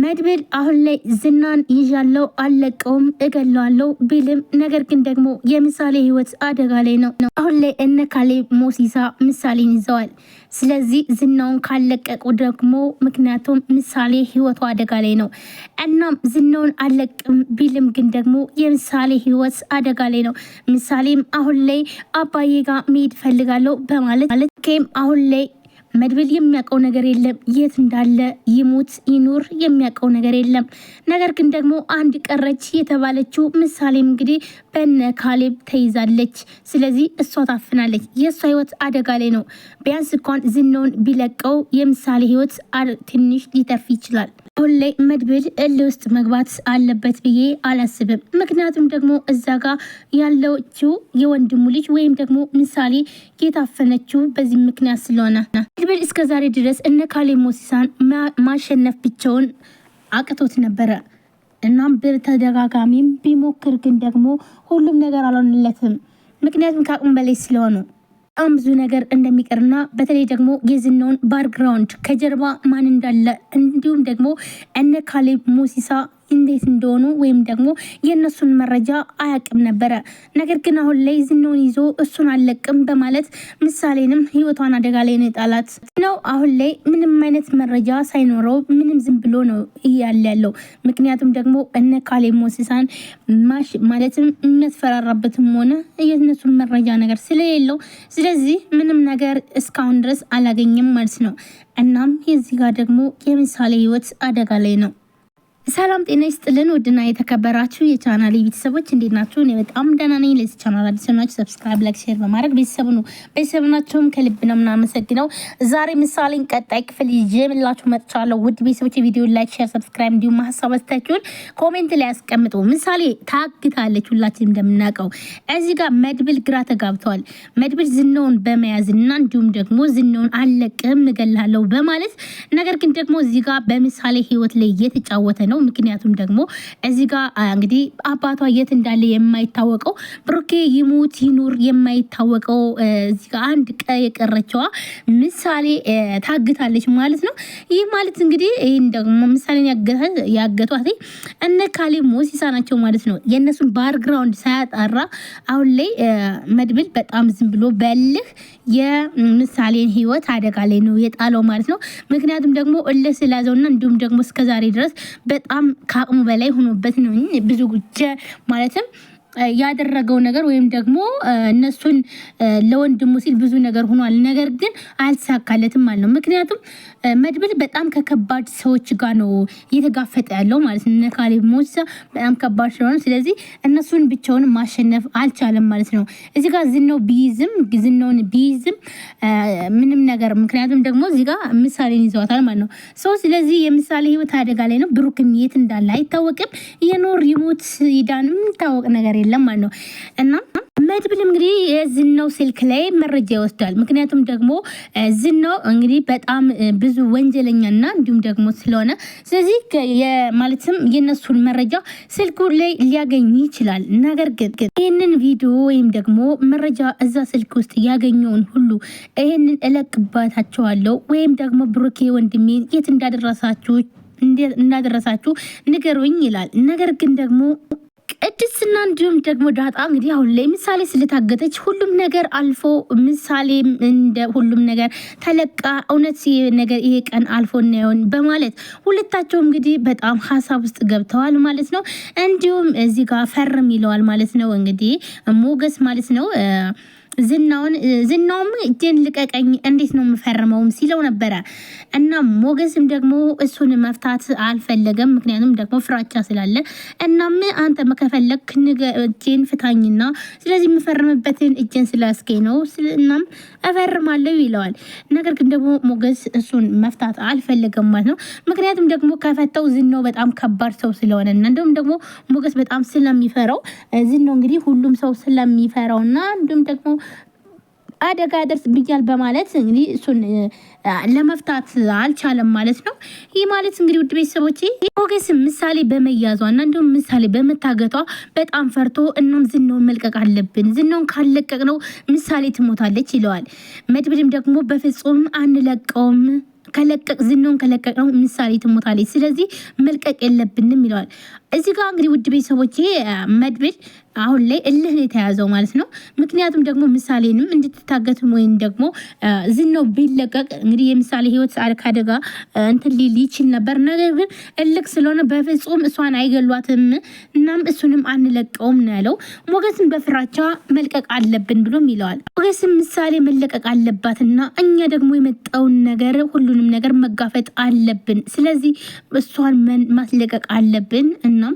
መድብል አሁን ላይ ዝናን ይዣለው አለቀውም እገለዋለው ቢልም ነገር ግን ደግሞ የምሳሌ ህይወት አደጋ ላይ ነው። አሁን ላይ እነ ሞሲሳ ምሳሌን ይዘዋል። ስለዚህ ዝናውን ካለቀቁ ደግሞ ምክንያቱም ምሳሌ ህይወቱ አደጋ ላይ ነው። እናም ዝናውን አለቅም ቢልም ግን ደግሞ የምሳሌ ህይወት አደጋ ላይ ነው። ምሳሌም አሁን ላይ አባዬ ጋር መሄድ ፈልጋለው በማለት ማለት ኬም አሁን ላይ መድብል የሚያውቀው ነገር የለም። የት እንዳለ ይሙት ይኑር የሚያውቀው ነገር የለም። ነገር ግን ደግሞ አንድ ቀረች የተባለችው ምሳሌም እንግዲህ በነ ካሌብ ተይዛለች። ስለዚህ እሷ ታፍናለች። የእሷ ህይወት አደጋ ላይ ነው። ቢያንስ እንኳን ዝናውን ቢለቀው የምሳሌ ህይወት ትንሽ ሊተርፍ ይችላል። አሁን ላይ መድብል እል ውስጥ መግባት አለበት ብዬ አላስብም። ምክንያቱም ደግሞ እዛ ጋር ያለችው የወንድሙ ልጅ ወይም ደግሞ ምሳሌ የታፈነችው በዚህ ምክንያት ስለሆነ መድብል ዛሬ ድረስ እነ ካሌ ሞሲሳን ማሸነፍ ብቻውን አቅቶት ነበረ። እናም በተደጋጋሚም ቢሞክር ግን ደግሞ ሁሉም ነገር አልሆንለትም። ምክንያቱም ከአቅም በላይ ስለሆኑ በጣም ብዙ ነገር እንደሚቀርና በተለይ ደግሞ የዝናውን ባርግራውንድ ከጀርባ ማን እንዳለ እንዲሁም ደግሞ እነ ካሌብ ሙሲሳ እንዴት እንደሆኑ ወይም ደግሞ የእነሱን መረጃ አያውቅም ነበረ። ነገር ግን አሁን ላይ ዝናውን ይዞ እሱን አለቅም በማለት ምሳሌንም ህይወቷን አደጋ ላይ ነው ነው። አሁን ላይ ምንም አይነት መረጃ ሳይኖረው ምንም ዝም ብሎ ነው እያለ ያለው። ምክንያቱም ደግሞ እነ ካሌ ሞሲሳን ማሽ ማለትም የሚያስፈራራበትም ሆነ የእነሱን መረጃ ነገር ስለሌለው ስለዚህ ምንም ነገር እስካሁን ድረስ አላገኘም ማለት ነው። እናም የዚህ ጋር ደግሞ የምሳሌ ህይወት አደጋ ላይ ነው። ሰላም ጤና ይስጥልን። ውድና የተከበራችሁ የቻናል ቤተሰቦች እንዴት ናችሁ? እኔ በጣም ደህና ነኝ። ለዚህ ቻናል አዲስ ናችሁ፣ ሰብስክራይብ፣ ላይክ፣ ሼር በማድረግ ቤተሰብ ነው ቤተሰብ ናቸውም ከልብ ነው የምናመሰግነው። ዛሬ ምሳሌን ቀጣይ ክፍል ይዤ መጥቻለሁ። ውድ ቤተሰቦች ቪዲዮ ላይክ፣ ሼር፣ ሰብስክራይብ እንዲሁም ሀሳብ አስተያየታችሁን ኮሜንት ላይ ያስቀምጡ። ምሳሌ ታግታለች፣ ሁላችን እንደምናውቀው። እዚህ ጋር መድብል ግራ ተጋብተዋል። መድብል ዝናውን በመያዝ እና እንዲሁም ደግሞ ዝናውን አለቅም እገልሃለሁ በማለት ነገር ግን ደግሞ እዚህ ጋር በምሳሌ ህይወት ላይ እየተጫወተ ነው። ምክንያቱም ደግሞ እዚ ጋር እንግዲህ አባቷ የት እንዳለ የማይታወቀው ብሩኬ ይሙት ይኑር የማይታወቀው እዚ ጋ አንድ የቀረችዋ ምሳሌ ታግታለች ማለት ነው። ይህ ማለት እንግዲህ ይህን ደግሞ ምሳሌን ያገቷት እነ ካሌ ሞሲሳ ናቸው ማለት ነው። የእነሱን ባርግራውንድ ሳያጣራ አሁን ላይ መድብል በጣም ዝም ብሎ በልህ የምሳሌን ህይወት አደጋ ላይ ነው የጣለው ማለት ነው። ምክንያቱም ደግሞ እልህ ስላዘውና እንዲሁም ደግሞ እስከዛሬ ድረስ በጣም ከአቅሙ በላይ ሆኖበት ነው ብዙ ጉጀ ማለትም ያደረገው ነገር ወይም ደግሞ እነሱን ለወንድሙ ሲል ብዙ ነገር ሆኗል። ነገር ግን አልተሳካለትም ማለት ነው። ምክንያቱም መድብል በጣም ከከባድ ሰዎች ጋር ነው እየተጋፈጠ ያለው ማለት ነው። እነ ካሌብ ሞሳ በጣም ከባድ ስለሆነ ስለዚህ እነሱን ብቻውን ማሸነፍ አልቻለም ማለት ነው። እዚህ ጋር ዝናው ቢይዝም ዝናውን ቢይዝም ምንም ነገር ምክንያቱም ደግሞ እዚህ ጋር ምሳሌን ይዘዋታል ማለት ነው። ሰው ስለዚህ የምሳሌ ህይወት አደጋ ላይ ነው። ብሩክም የት እንዳለ አይታወቅም። የኖር ይሞት ይዳንም የሚታወቅ ነገር የለም። አይደለም ማለት ነው እና መድብል እንግዲህ የዝናው ስልክ ላይ መረጃ ይወስዳል። ምክንያቱም ደግሞ ዝናው እንግዲህ በጣም ብዙ ወንጀለኛና እንዲሁም ደግሞ ስለሆነ ስለዚህ ማለትም የነሱን መረጃ ስልኩ ላይ ሊያገኝ ይችላል። ነገር ግን ይህንን ቪዲዮ ወይም ደግሞ መረጃ እዛ ስልክ ውስጥ ያገኘውን ሁሉ ይህንን እለቅባታቸዋለሁ ወይም ደግሞ ብሩኬ ወንድሜ የት እንዳደረሳችሁ እንዳደረሳችሁ ንገሩኝ ይላል። ነገር ግን ደግሞ ቅድስና እንዲሁም ደግሞ ዳጣ እንግዲህ አሁን ላይ ምሳሌ ስለታገተች ሁሉም ነገር አልፎ ምሳሌ እንደ ሁሉም ነገር ተለቃ እውነት ነገር ይሄ ቀን አልፎ እናየውን በማለት ሁለታቸው እንግዲህ በጣም ሀሳብ ውስጥ ገብተዋል ማለት ነው። እንዲሁም እዚህ ጋር ፈርም ይለዋል ማለት ነው እንግዲህ ሞገስ ማለት ነው። ዝናውን ዝናውም እጄን ልቀቀኝ እንዴት ነው የምፈርመውም ሲለው ነበረ እና ሞገስም ደግሞ እሱን መፍታት አልፈለገም። ምክንያቱም ደግሞ ፍራቻ ስላለ እናም አንተ መከፈለግ እጄን ፍታኝና ስለዚህ የምፈርምበትን እጄን ስላስገኝ ነው እናም እፈርማለሁ ይለዋል። ነገር ግን ደግሞ ሞገስ እሱን መፍታት አልፈለገም ማለት ነው። ምክንያቱም ደግሞ ከፈተው ዝናው በጣም ከባድ ሰው ስለሆነ እና እንዲሁም ደግሞ ሞገስ በጣም ስለሚፈራው ዝናው እንግዲህ ሁሉም ሰው ስለሚፈራው እና እንዲሁም ደግሞ አደጋ ብያል በማለት እንግዲህ እሱን ለመፍታት አልቻለም ማለት ነው። ይህ ማለት እንግዲህ ውድ ቤተሰቦች ሞገስ ምሳሌ በመያዟ እና እንዲሁም ምሳሌ በመታገቷ በጣም ፈርቶ እናም ዝናውን መልቀቅ አለብን፣ ዝናውን ካልለቀቅ ነው ምሳሌ ትሞታለች ይለዋል። መድብድም ደግሞ በፍጹም አንለቀውም ከለቀቅ ዝናውን ከለቀቅ ነው ምሳሌ ትሞታለች፣ ስለዚህ መልቀቅ የለብንም ይለዋል። እዚህ ጋር እንግዲህ ውድ ቤተሰቦች መድብድ አሁን ላይ እልህ ነው የተያዘው ማለት ነው። ምክንያቱም ደግሞ ምሳሌንም እንድትታገትም ወይም ደግሞ ዝናው ቢለቀቅ እንግዲህ የምሳሌ ህይወት ከአደጋ እንትን ሊል ይችል ነበር። ነገር ግን እልቅ ስለሆነ በፍጹም እሷን አይገሏትም፣ እናም እሱንም አንለቀውም ነው ያለው። ሞገስም በፍራቻ መልቀቅ አለብን ብሎም ይለዋል። ሞገስም ምሳሌ መለቀቅ አለባትና እኛ ደግሞ የመጣውን ነገር ሁሉንም ነገር መጋፈጥ አለብን። ስለዚህ እሷን ማስለቀቅ አለብን እናም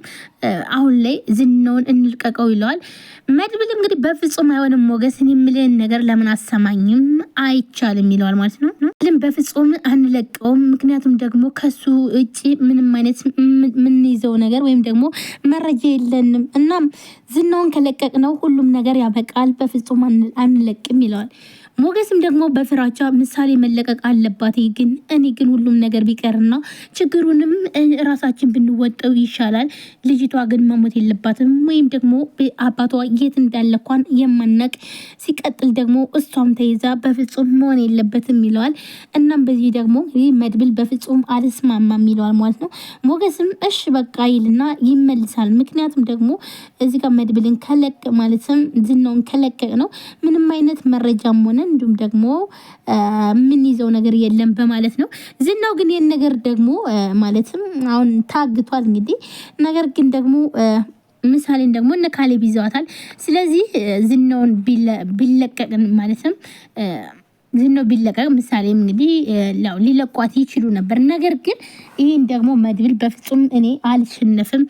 አሁን ላይ ዝናውን እንልቀቀው ይለዋል። መድብል እንግዲህ በፍጹም አይሆንም ሞገስን የምልህን ነገር ለምን አሰማኝም አይቻልም ይለዋል ማለት ነው። ልም በፍጹም አንለቀውም፣ ምክንያቱም ደግሞ ከሱ እጭ ምንም አይነት የምንይዘው ነገር ወይም ደግሞ መረጃ የለንም። እናም ዝናውን ነው ሁሉም ነገር ያበቃል፣ በፍጹም አንለቅም ይለዋል። ሞገስም ደግሞ በፍራቻ ምሳሌ መለቀቅ አለባት። ግን እኔ ግን ሁሉም ነገር ቢቀርና ችግሩንም ራሳችን ብንወጠው ይሻላል። ልጅቷ ግን መሞት የለባትም ወይም ደግሞ አባቷ የት እንዳለኳን የማናቅ ሲቀጥል ደግሞ እሷም ተይዛ በፍጹም መሆን የለበትም ይለዋል። እናም በዚህ ደግሞ ይህ መድብል በፍጹም አልስማማም ይለዋል ማለት ነው። ሞገስም እሽ በቃ ይልና ይመልሳል። ምክንያቱም ደግሞ እዚጋ መድብልን ከለቅ ማለትም ዝናውን ከለቀቅ ነው ምንም አይነት መረጃም ሆነ አለን፣ እንዲሁም ደግሞ የምንይዘው ነገር የለም በማለት ነው። ዝናው ግን ይህን ነገር ደግሞ ማለትም አሁን ታግቷል እንግዲህ ነገር ግን ደግሞ ምሳሌን ደግሞ እነ ካሌብ ይዘዋታል። ስለዚህ ዝናውን ቢለቀቅን ማለትም ዝም ቢለቀቅ ምሳሌም እንግዲህ ሊለቋት ይችሉ ነበር። ነገር ግን ይህን ደግሞ መድብል በፍጹም እኔ አልሸነፍም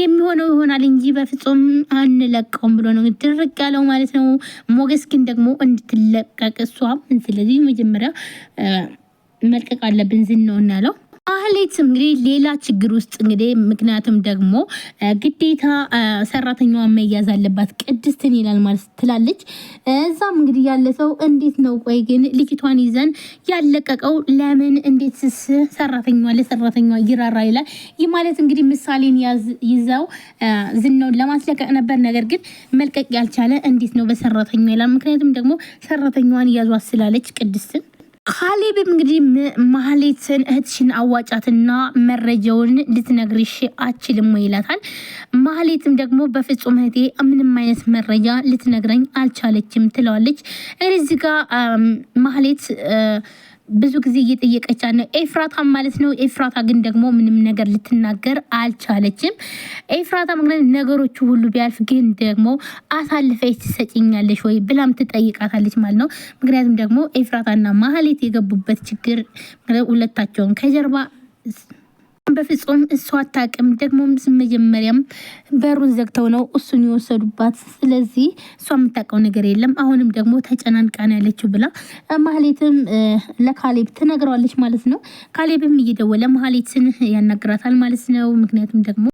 የሚሆነው ይሆናል እንጂ በፍጹም አንለቀውም ብሎ ነው ድርቅ ያለው ማለት ነው። ሞገስ ግን ደግሞ እንድትለቀቅ እሷም ስለዚህ መጀመሪያ መልቀቅ አለብን ዝናውን ያለው ማህሌት እንግዲህ ሌላ ችግር ውስጥ እንግዲህ ምክንያቱም ደግሞ ግዴታ ሰራተኛዋን መያዝ አለባት ቅድስትን ይላል ማለት ትላለች። እዛም እንግዲህ ያለ ሰው እንዴት ነው ቆይ ግን ልጅቷን ይዘን ያለቀቀው ለምን እንዴት ስስ ሰራተኛ ለሰራተኛ ይራራ ይላል። ይህ ማለት እንግዲህ ምሳሌን ይዘው ዝናውን ለማስለቀቅ ነበር። ነገር ግን መልቀቅ ያልቻለ እንዴት ነው በሰራተኛ ይላል። ምክንያቱም ደግሞ ሰራተኛዋን ያዟ ስላለች ቅድስትን ካሌብም እንግዲህ ማህሌትን እህትሽን አዋጫትና መረጃውን ልትነግርሽ አችልም ይላታል። ማህሌትም ደግሞ በፍጹም እህቴ ምንም አይነት መረጃ ልትነግረኝ አልቻለችም ትለዋለች። እንግዲህ እዚህ ጋ ማህሌት ብዙ ጊዜ እየጠየቀቻት ነው ኤፍራታ ማለት ነው። ኤፍራታ ግን ደግሞ ምንም ነገር ልትናገር አልቻለችም። ኤፍራታ ምክንያት ነገሮቹ ሁሉ ቢያልፍ ግን ደግሞ አሳልፈች ትሰጭኛለች ወይ ብላም ትጠይቃታለች ማለት ነው። ምክንያቱም ደግሞ ኤፍራታና ማህሌት የገቡበት ችግር ሁለታቸውን ከጀርባ በፍጹም እሷ አታውቅም። ደግሞ መጀመሪያም በሩን ዘግተው ነው እሱን የወሰዱባት። ስለዚህ እሷ የምታውቀው ነገር የለም። አሁንም ደግሞ ተጨናንቃን ያለችው ብላ ማህሌትም ለካሌብ ትነግረዋለች ማለት ነው። ካሌብም እየደወለ ማህሌትን ያናግራታል ማለት ነው። ምክንያቱም ደግሞ